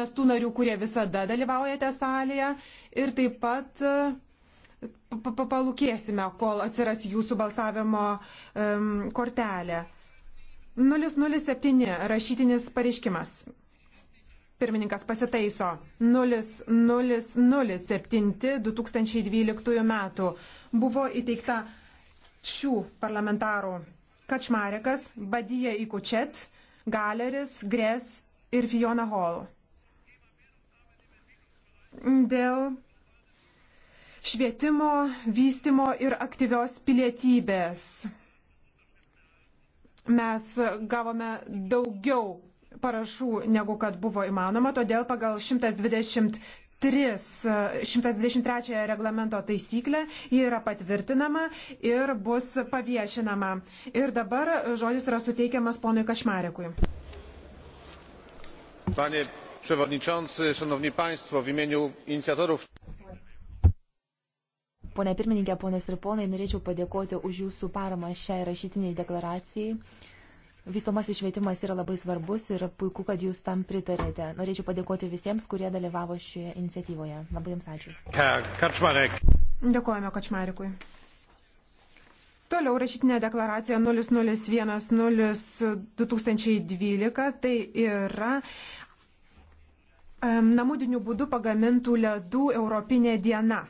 nes tų narių, kurie visada dalyvaujate salėje ir taip pat e, palūkėsime, kol atsiras jūsų balsavimo um, kortelė. 007 rašytinis pareiškimas. Pirmininkas pasitaiso 0007 2012 metų. Buvo įteikta šių parlamentarų Kačmarekas, Badija Ikučet, Galeris, Gres ir Fiona Hall dėl švietimo, vystimo ir aktyvios pilietybės. Mes gavome daugiau parašų, negu kad buvo įmanoma, todėl pagal 123, 123 reglamento taisyklę ji yra patvirtinama ir bus paviešinama. Ir dabar žodis yra suteikiamas ponui Kašmarekui. Panie przewodniczący! szanowni państwo! w imieniu inicjatorów Pone pirmininkė, ponios ir ponai, norėčiau padėkoti už jūsų paramą šiai rašytiniai deklaracijai. Vystomasis švietimas yra labai svarbus ir puiku, kad jūs tam pritarėte. Norėčiau padėkoti visiems, kurie dalyvavo šioje iniciatyvoje. Labai jums ačiū. Kačmarek. Dėkojame Kačmarikui. Toliau rašytinė deklaracija 0010-2012, tai yra namudiniu būdu pagamintų ledų Europinė diena.